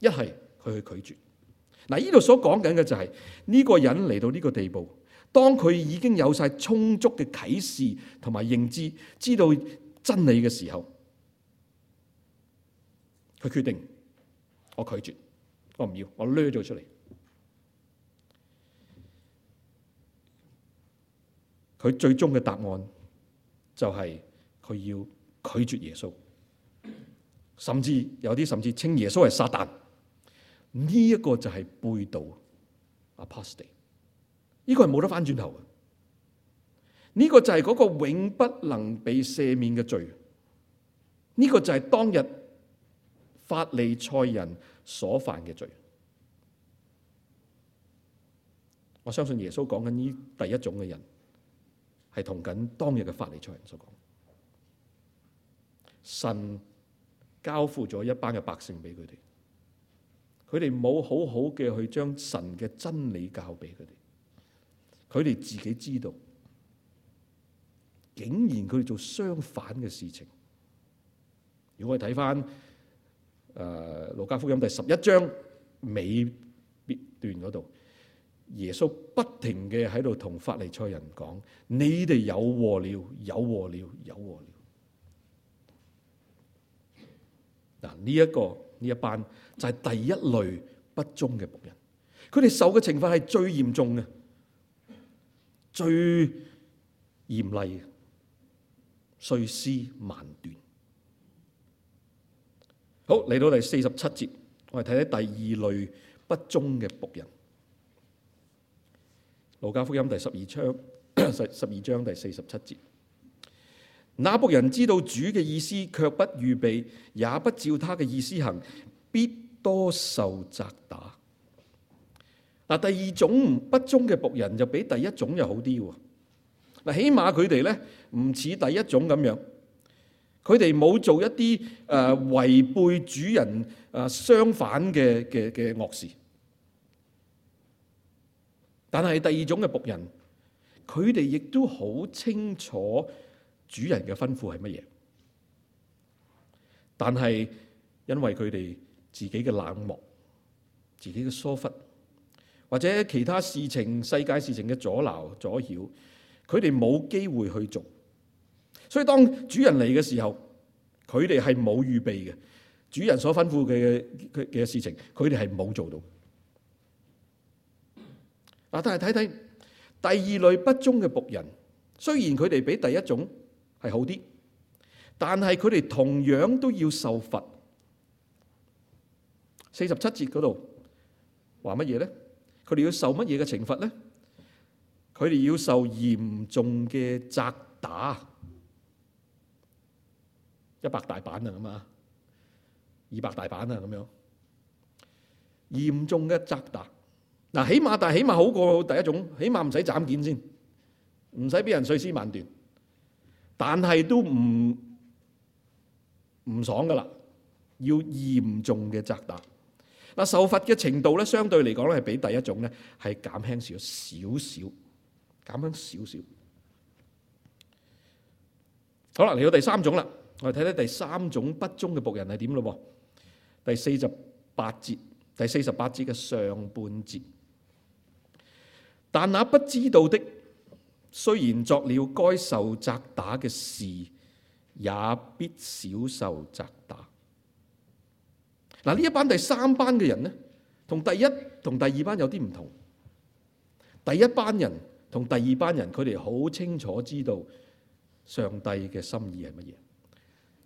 一係佢去拒絕。嗱，就是，呢度所講緊嘅就係呢個人嚟到呢個地步，當佢已經有晒充足嘅啟示同埋認知，知道真理嘅時候，佢決定我拒絕，我唔要，我掠咗出嚟。佢最終嘅答案就係佢要拒絕耶穌，甚至有啲甚至稱耶穌係撒旦。呢一個就係背道，apostate，呢個係冇得翻轉頭嘅，呢個就係嗰個永不能被赦免嘅罪，呢個就係當日法利賽人所犯嘅罪。我相信耶穌講緊呢第一種嘅人，係同緊當日嘅法利賽人所講，神交付咗一班嘅百姓俾佢哋。佢哋冇好好嘅去將神嘅真理教俾佢哋，佢哋自己知道，竟然佢哋做相反嘅事情。如果我哋睇翻《誒、呃、路加福音》第十一章尾段嗰度，耶穌不停嘅喺度同法利賽人講：，你哋有禍了，有禍了，有禍了。嗱、這個，呢一個呢一班。就係、是、第一類不忠嘅僕人，佢哋受嘅懲罰係最嚴重嘅、最嚴厲嘅，碎屍萬段。好，嚟到第四十七節，我哋睇睇第二類不忠嘅僕人。《路加福音》第十二章、十十二章第四十七節，那僕人知道主嘅意思，卻不預備，也不照他嘅意思行，必。多受責打嗱。第二種不忠嘅僕人就比第一種又好啲嗱，起碼佢哋咧唔似第一種咁樣，佢哋冇做一啲誒違背主人誒相反嘅嘅嘅惡事。但係第二種嘅僕人，佢哋亦都好清楚主人嘅吩咐係乜嘢，但係因為佢哋。自己嘅冷漠，自己嘅疏忽，或者其他事情，世界事情嘅阻撓、阻擾，佢哋冇機會去做。所以當主人嚟嘅時候，佢哋係冇預備嘅。主人所吩咐嘅嘅事情，佢哋係冇做到。嗱，但係睇睇，第二類不忠嘅僕人，雖然佢哋比第一種係好啲，但係佢哋同樣都要受罰。四十七節嗰度話乜嘢咧？佢哋要受乜嘢嘅懲罰咧？佢哋要受嚴重嘅責打，一百大板啊咁啊，二百大板啊咁樣，嚴重嘅責打。嗱，起碼但係起碼好過第一種，起碼唔使斬件先，唔使俾人碎屍萬段，但係都唔唔爽㗎喇，要嚴重嘅責打。嗱，受罰嘅程度咧，相對嚟講咧，係比第一種咧係減輕少少少，減輕少少。好啦，嚟到第三種啦，我哋睇睇第三種不忠嘅僕人係點咯。第四十八節，第四十八節嘅上半節，但那不知道的，雖然作了該受責打嘅事，也必少受責打。嗱，呢一班第三班嘅人咧，同第一同第二班有啲唔同。第一班人同第二班人，佢哋好清楚知道上帝嘅心意係乜嘢，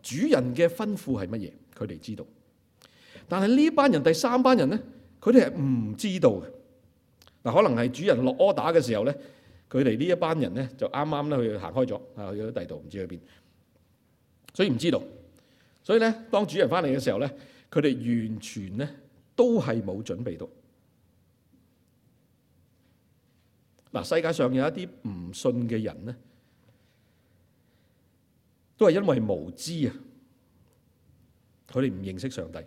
主人嘅吩咐係乜嘢，佢哋知道。但係呢班人第三班人咧，佢哋係唔知道嘅。嗱，可能係主人落柯打嘅時候咧，佢哋呢一班人咧就啱啱咧去行開咗啊，去咗第度，唔知去邊，所以唔知道。所以咧，當主人翻嚟嘅時候咧。佢哋完全咧都係冇準備到。嗱，世界上有一啲唔信嘅人咧，都係因為無知啊。佢哋唔認識上帝，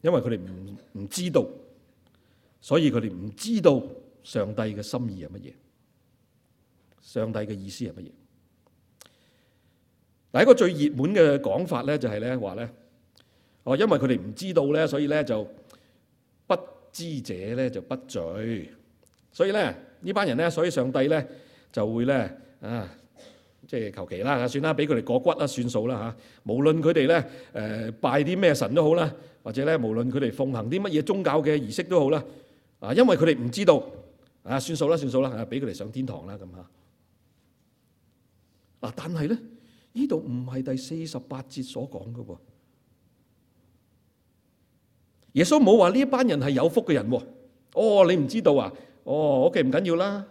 因為佢哋唔唔知道，所以佢哋唔知道上帝嘅心意係乜嘢，上帝嘅意思係乜嘢。第一個最熱門嘅講法咧，就係咧話咧，哦，因為佢哋唔知道咧，所以咧就不知者咧就不罪，所以咧呢班人咧，所以上帝咧就會咧啊，即係求其啦，算啦，俾佢哋過骨啦，算數啦嚇。無論佢哋咧誒拜啲咩神都好啦，或者咧無論佢哋奉行啲乜嘢宗教嘅儀式都好啦，啊，因為佢哋唔知道，啊，算數啦，算數啦，俾佢哋上天堂啦咁嚇。啊，但係咧。呢度唔係第四十八節所講嘅，耶穌冇話呢一班人係有福嘅人，哦，哦，你唔知道啊？哦，OK，唔緊要啦。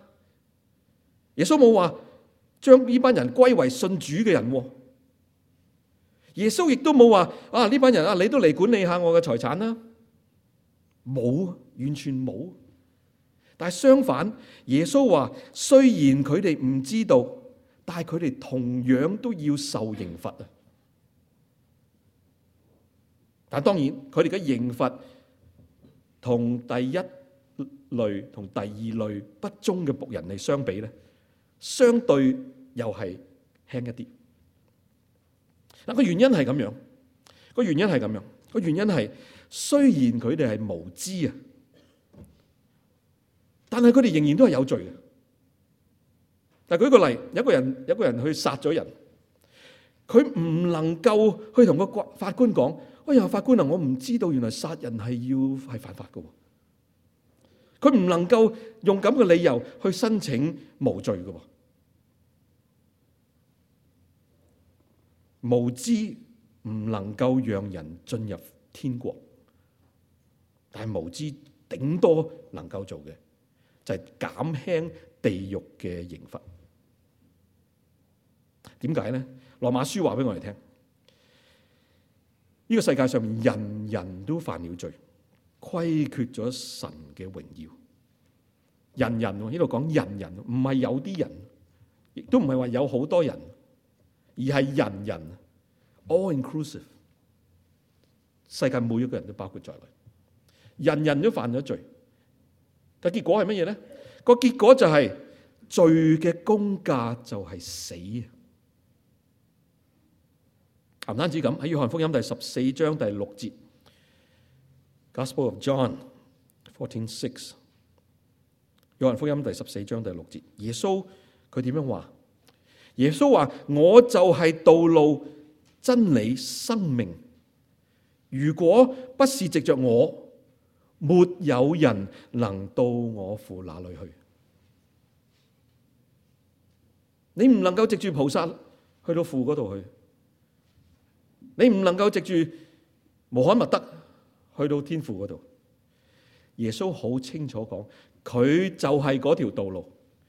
耶穌冇話將呢班人歸為信主嘅人，哦，耶穌亦都冇話啊呢班人啊，你都嚟管理下我嘅財產啦。冇，完全冇。但係相反，耶穌話雖然佢哋唔知道。但係佢哋同樣都要受刑罰啊！但當然，佢哋嘅刑罰同第一類同第二類不忠嘅僕人嚟相比咧，相對又係輕一啲。嗱個原因係咁樣，個原因係咁樣，個原因係雖然佢哋係無知啊，但係佢哋仍然都係有罪嘅。但係舉個例，有一個人有個人去殺咗人，佢唔能夠去同個法官講：哎呀，法官啊，我唔知道，原來殺人係要係犯法嘅。佢唔能夠用咁嘅理由去申請無罪嘅。無知唔能夠讓人進入天國，但係無知頂多能夠做嘅就係減輕地獄嘅刑罰。點解咧？羅馬書話俾我哋聽，呢個世界上面人人都犯了罪，虧缺咗神嘅榮耀。人人喺度講人人，唔係有啲人，亦都唔係話有好多人，而係人人 all inclusive，世界每一個人都包括在內。人人都犯咗罪，但係結果係乜嘢咧？個結果就係罪嘅工價就係死。唔單止咁，喺約翰福音第十四章第六節，《Gospel of John》14:6，約翰福音第十四章第六節，耶穌佢點樣話？耶穌話：我就係道路、真理、生命。如果不是藉着我，沒有人能到我父那裏去。你唔能夠藉住菩薩去到父嗰度去。你唔能夠藉住穆罕默德去到天父嗰度，耶穌好清楚講，佢就係嗰條道路，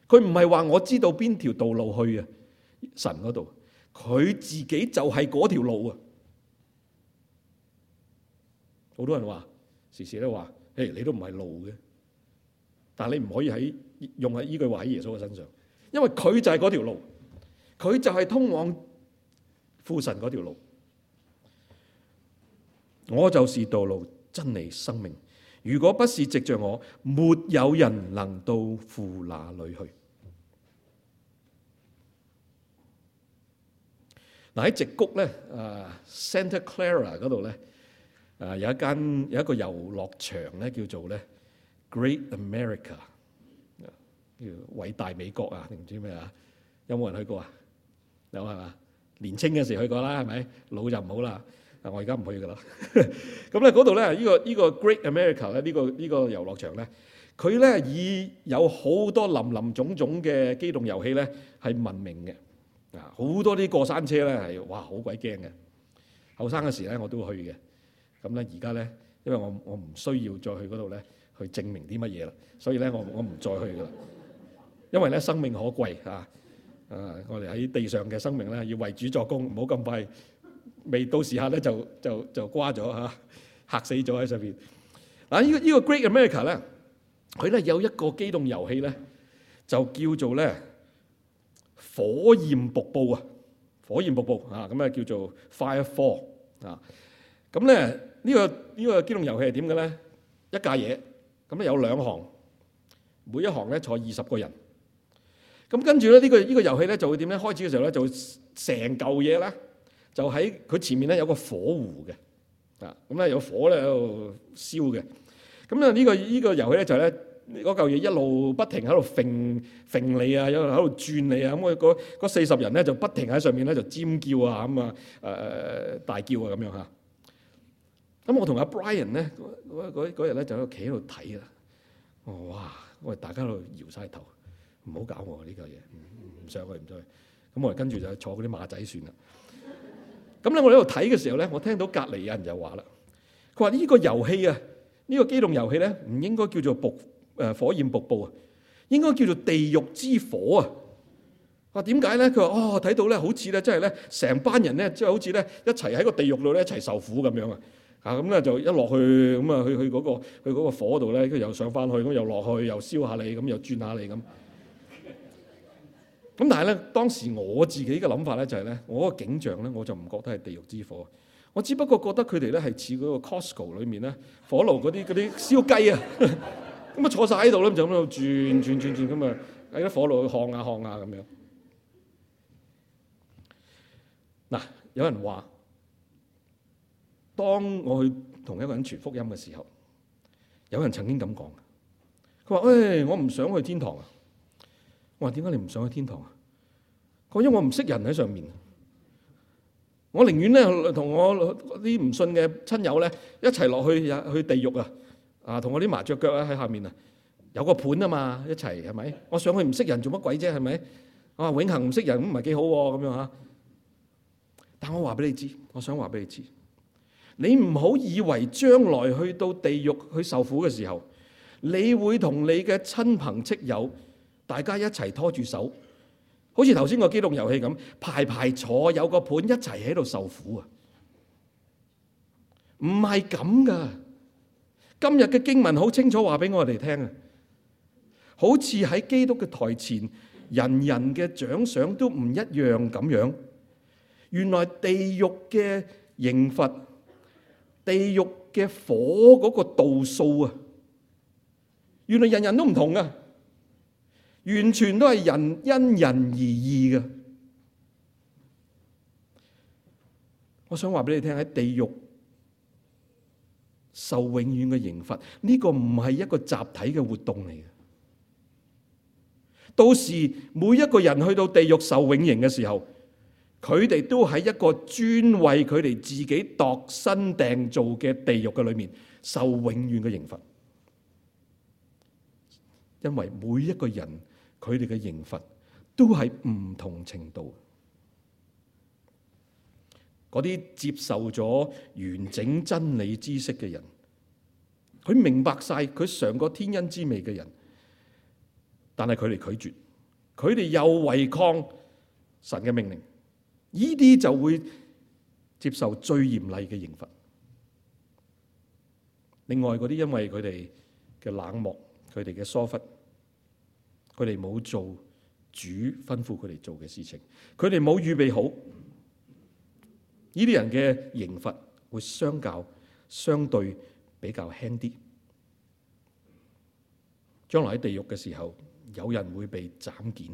佢唔係話我知道邊條道路去啊神嗰度，佢自己就係嗰條路啊！好多人話時時都話，誒你都唔係路嘅，但係你唔可以喺用喺依句話喺耶穌嘅身上，因為佢就係嗰條路，佢就係通往父神嗰條路。我就是道路、真理、生命。如果不是藉着我，沒有人能到父那裡去。嗱、嗯、喺直谷咧，啊 Santa Clara 嗰度咧，啊有一間有一個遊樂場咧，叫做咧 Great America，叫偉大美國啊定唔知咩啊？有冇人去過啊？有係嘛？年青嘅時去過啦，啊，係咪？老就唔好啦。啊！ 我而家唔去噶啦。咁咧嗰度咧，呢個依個 Great America 咧，這個，這個，呢個呢個遊樂場咧，佢咧以有好多林林種種嘅機動遊戲咧係聞名嘅。啊，好多啲過山車咧係哇，好鬼驚嘅。後生嘅時咧我都去嘅。咁咧而家咧，因為我我唔需要再去嗰度咧去證明啲乜嘢啦，所以咧我我唔再去噶啦。因為咧生命可貴啊！啊，我哋喺地上嘅生命咧要為主作工，唔好咁快。未到時刻咧，就就就瓜咗嚇，嚇死咗喺上邊。嗱、啊，呢個呢個 Great America 咧，佢咧有一個機動遊戲咧，就叫做咧火焰瀑布啊！火焰瀑布，焰瀑布啊，咁啊叫做 Fire Fall 啊。咁、啊、咧呢、呢個呢、呢個機動遊戲係點嘅咧？一架嘢咁咧有兩行，每一行咧坐二十個人。咁跟住咧呢、呢個呢、呢個遊戲咧就會點咧？開始嘅時候咧就成嚿嘢咧。就喺佢前面咧有個火壺嘅啊，咁咧有火咧喺度燒嘅。咁咧呢個呢、呢個遊戲咧就咧嗰嚿嘢一路不停喺度揈揈你啊，有喺度轉你啊。咁、嗰個四十人咧就不停喺上面咧就尖叫啊咁啊誒大叫啊咁樣嚇。咁我同阿 Brian 咧嗰日咧就喺度企喺度睇啊。哇！我哋大家喺度搖晒頭，唔好搞我呢嚿嘢，唔、唔、上去唔再。咁我哋跟住就坐嗰啲馬仔算啦。咁咧，我喺度睇嘅時候咧，我聽到隔離有人就話啦，佢話呢個遊戲啊，呢個機動遊戲咧，唔應該叫做瀑誒火焰瀑布啊，應該叫做地獄之火啊！啊，點解咧？佢話哦，睇到咧，好似咧，即係咧，成班人咧，即係好似咧，一齊喺個地獄度咧，一齊受苦咁樣啊！啊，咁咧就一落去咁啊，去去嗰個去嗰個火度咧，跟住又上翻去，咁又落去，又燒下你，咁又轉下你咁。咁但係咧，當時我自己嘅諗法咧就係、是、咧，我個景象咧我就唔覺得係地獄之火，我只不過覺得佢哋咧係似嗰個 Costco 裏面咧 火爐嗰啲嗰啲燒雞啊，咁 啊坐晒喺度咧，就喺度轉轉轉轉咁啊喺啲火爐去烘下烘下咁樣。嗱、啊啊，有人話，當我去同一個人傳福音嘅時候，有人曾經咁講，佢話：，唉、哎，我唔想去天堂啊。我話點解你唔上去天堂啊？講因為我唔識人喺上面，我寧願咧同我啲唔信嘅親友咧一齊落去去地獄啊！啊，同我啲麻雀腳啊喺下面啊，有個伴啊嘛，一齊係咪？我上去唔識人做乜鬼啫？係咪？我話永恒唔識人咁唔係幾好咁、啊、樣吓。但我話俾你知，我想話俾你知，你唔好以為將來去到地獄去受苦嘅時候，你會同你嘅親朋戚友。大家一齊拖住手，好似頭先個機動遊戲咁，排排坐有個盤，一齊喺度受苦啊！唔係咁噶，今日嘅經文好清楚話俾我哋聽啊，好似喺基督嘅台前，人人嘅獎賞都唔一樣咁樣。原來地獄嘅刑罰、地獄嘅火嗰個度數啊，原來人人都唔同啊！完全都係人，因人而異嘅。我想話俾你聽，喺地獄受永遠嘅刑罰，呢個唔係一個集體嘅活動嚟嘅。到時每一個人去到地獄受永刑嘅時候，佢哋都喺一個專為佢哋自己度身訂造嘅地獄嘅裏面受永遠嘅刑罰，因為每一個人。佢哋嘅刑罰都係唔同程度的。嗰啲接受咗完整真理知識嘅人，佢明白晒佢嘗過天恩之味嘅人，但係佢哋拒絕，佢哋又違抗神嘅命令，呢啲就會接受最嚴厲嘅刑罰。另外嗰啲因為佢哋嘅冷漠，佢哋嘅疏忽。佢哋冇做主吩咐佢哋做嘅事情，佢哋冇預備好，呢啲人嘅刑罰會相較相對比較輕啲。將來喺地獄嘅時候，有人會被斬件，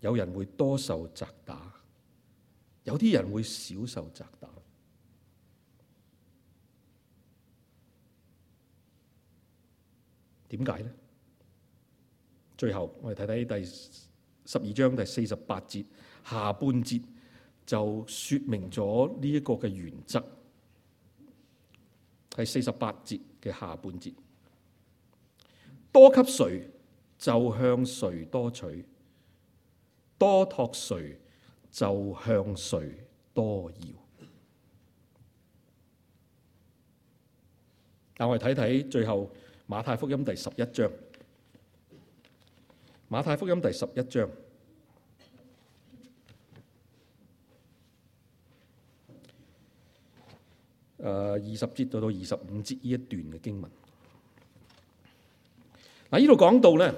有人會多受責打，有啲人會少受責打。點解咧？最後我哋睇睇第十二章第四十八節下半節就說明咗呢一個嘅原則，係四十八節嘅下半節，多給誰就向誰多取，多託誰就向誰多要。但我哋睇睇最後馬太福音第十一章。馬太福音第十一章，誒二十節到到二十五節呢一段嘅經文。嗱呢度講到咧，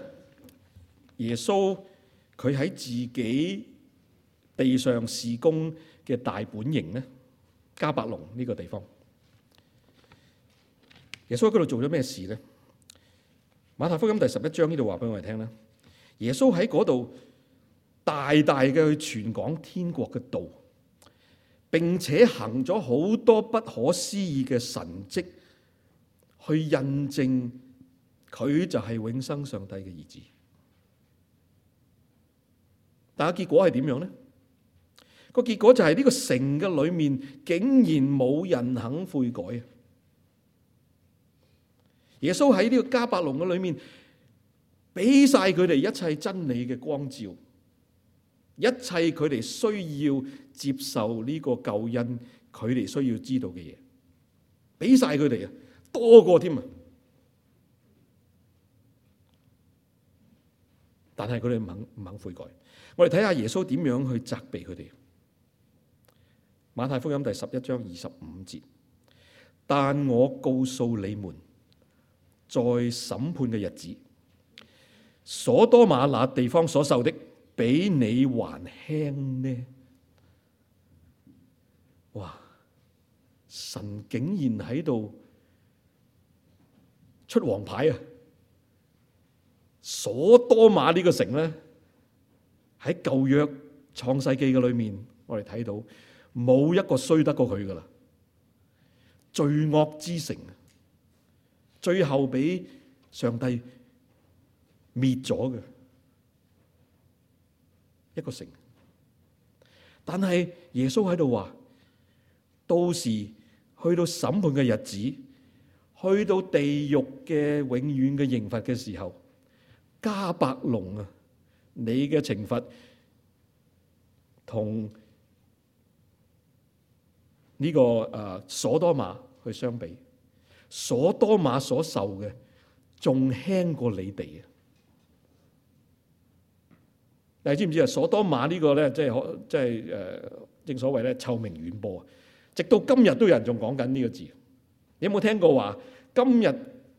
耶穌佢喺自己地上事工嘅大本營咧，加百隆呢個地方。耶穌喺度做咗咩事咧？馬太福音第十一章呢度話俾我哋聽咧。耶穌喺嗰度大大嘅去傳講天國嘅道，並且行咗好多不可思議嘅神蹟，去印證佢就係永生上帝嘅意志。但係結果係點樣呢？個結果就係呢個城嘅裏面竟然冇人肯悔改。耶穌喺呢個加百隆嘅裏面。俾晒佢哋一切真理嘅光照，一切佢哋需要接受呢個救恩，佢哋需要知道嘅嘢，俾晒佢哋啊，多過添啊！但係佢哋唔肯唔肯悔改，我哋睇下耶穌點樣去責備佢哋。馬太福音第十一章二十五節，但我告訴你們，在審判嘅日子。所多瑪那地方所受的比你還輕呢？哇！神竟然喺度出黃牌啊！所多瑪呢個城咧喺舊約創世記嘅裏面，我哋睇到冇一個衰得過佢噶啦，罪惡之城啊！最後俾上帝。滅咗嘅一個城，但係耶穌喺度話，到時去到審判嘅日子，去到地獄嘅永遠嘅刑罰嘅時候，迦百農啊，你嘅懲罰同呢個誒、啊、所多瑪去相比，所多瑪所受嘅仲輕過你哋啊！你知唔知啊？所多瑪呢個咧，即係可，即係、呃、正所謂咧，臭名遠播。直到今日都有人仲講緊呢個字。你有冇聽過話？今日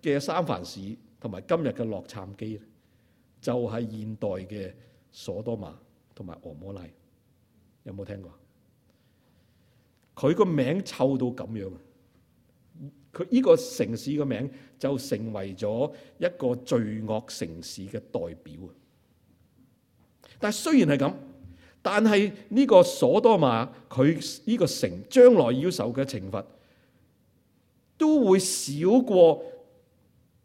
嘅三藩市同埋今日嘅洛杉磯，就係現代嘅所多瑪同埋俄摩拉。有冇聽過？佢個名臭到咁樣啊！佢呢個城市嘅名就成為咗一個罪惡城市嘅代表啊！但係雖然係咁，但係呢個所多瑪佢呢個城將來要受嘅懲罰都會少過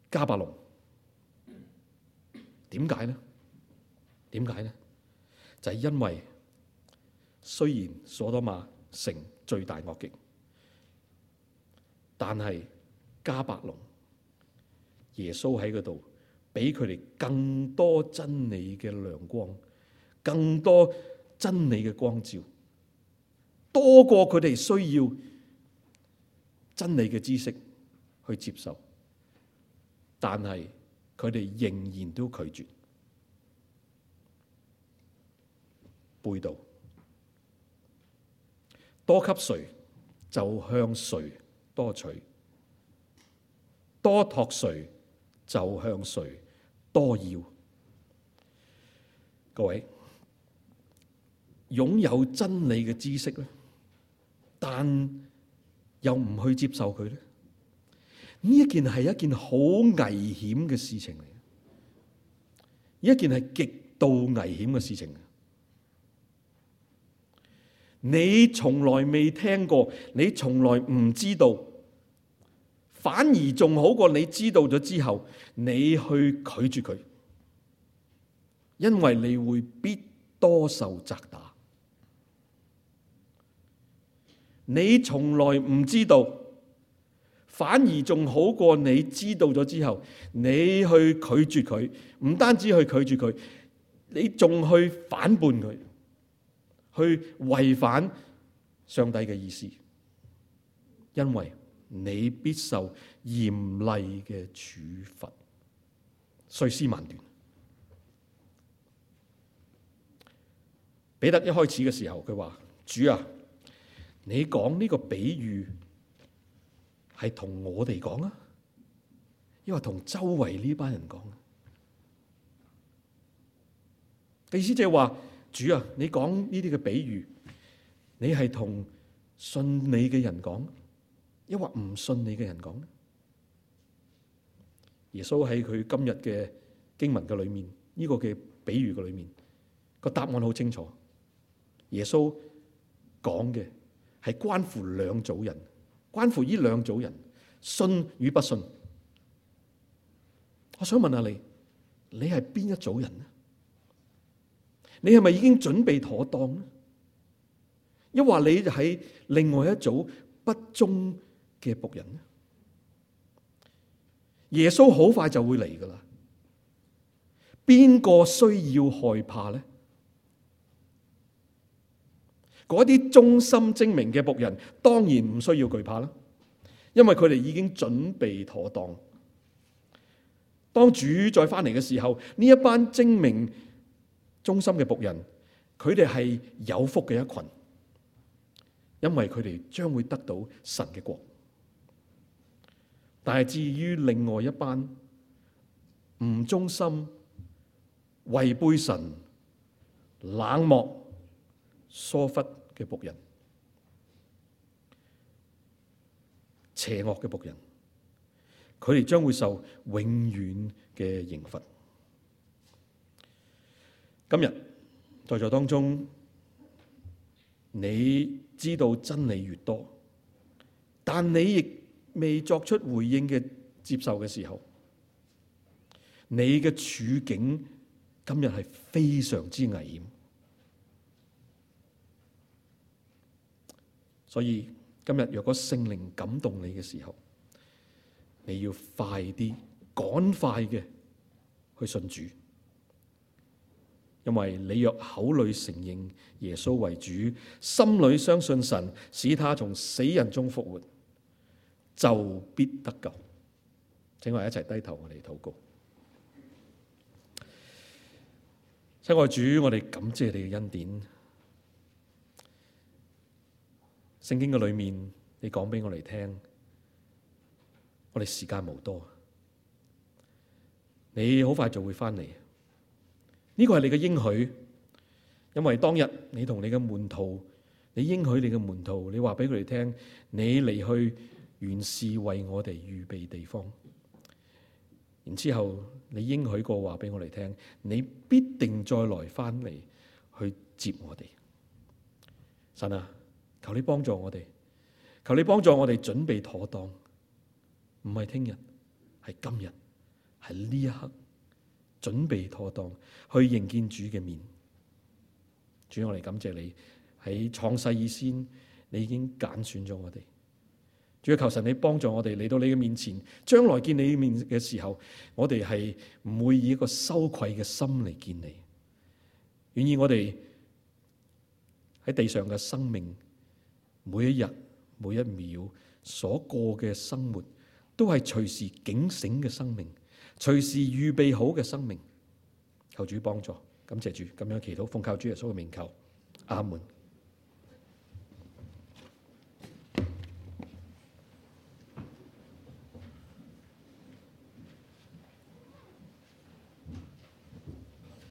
加百隆。點解呢？點解呢？就係、是、因為雖然所多瑪城罪大惡極，但係加百隆耶穌喺嗰度俾佢哋更多真理嘅亮光。更多真理嘅光照，多過佢哋需要真理嘅知識去接受，但係佢哋仍然都拒絕。背道，多給誰就向誰多取，多託誰就向誰多要。各位。擁有真理嘅知識咧，但又唔去接受佢咧，呢一件係一件好危險嘅事情嚟，一件係極度危險嘅事情啊！你從來未聽過，你從來唔知道，反而仲好過你知道咗之後，你去拒絕佢，因為你會必多受責打。你從來唔知道，反而仲好過你知道咗之後，你去拒絕佢，唔單止去拒絕佢，你仲去反叛佢，去違反上帝嘅意思，因為你必受嚴厲嘅處罰，碎屍萬段。彼得一開始嘅時候，佢話：主啊！你講呢個比喻係同我哋講啊，抑或同周圍呢班人講？嘅意思就係話主啊，你講呢啲嘅比喻，你係同信你嘅人講，抑或唔信你嘅人講？耶穌喺佢今日嘅經文嘅裏面，呢個嘅比喻嘅裏面，個答案好清楚。耶穌講嘅。係關乎兩組人，關乎呢兩組人信與不信。我想問下你，你係邊一組人呢？你係咪已經準備妥當呢？抑或你喺另外一組不忠嘅僕人呢？耶穌好快就會嚟噶啦，邊個需要害怕呢？嗰啲忠心精明嘅僕人當然唔需要懼怕啦，因為佢哋已經準備妥當。當主再翻嚟嘅時候，呢一班精明忠心嘅僕人，佢哋係有福嘅一群，因為佢哋將會得到神嘅國。但係至於另外一班唔忠心、違背神、冷漠、疏忽嘅僕人，邪惡嘅僕人，佢哋將會受永遠嘅刑罰。今日在座當中，你知道真理越多，但你亦未作出回應嘅接受嘅時候，你嘅處境今日係非常之危險。所以今日若果聖靈感動你嘅時候，你要快啲，趕快嘅去信主，因為你若口裏承認耶穌為主，心裏相信神使他從死人中復活，就必得救。請我一齊低頭，我哋禱告。親愛的主，我哋感謝你嘅恩典。聖經嘅裏面，你講俾我嚟聽，我哋時間冇多，你好快就會翻嚟。呢個係你嘅應許，因為當日你同你嘅門徒，你應許你嘅門徒，你話俾佢哋聽，你離去原是為我哋預備地方。然之後你應許過話俾我嚟聽，你必定再來翻嚟去接我哋。神啊！求你幫助我哋，求你幫助我哋準備妥當，唔係聽日，係今日，係呢一刻準備妥當去迎見主嘅面。主，我嚟感謝你喺創世以先，你已經揀選咗我哋。主要求神，你幫助我哋嚟到你嘅面前，將來見你嘅面嘅時候，我哋係唔會以一個羞愧嘅心嚟見你，願意我哋喺地上嘅生命。每一日每一秒所過嘅生活，都係隨時警醒嘅生命，隨時預備好嘅生命。求主幫助，感謝主，咁樣祈禱，奉靠主耶穌嘅名求，阿門。